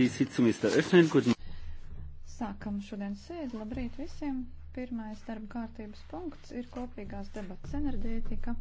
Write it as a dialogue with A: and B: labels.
A: Die Sitzung ist eröffnet. Guten
B: Sākam šodien sēdi. Labrīt visiem. Pirmais darba kārtības punkts ir
C: kopīgās debats enerģētika.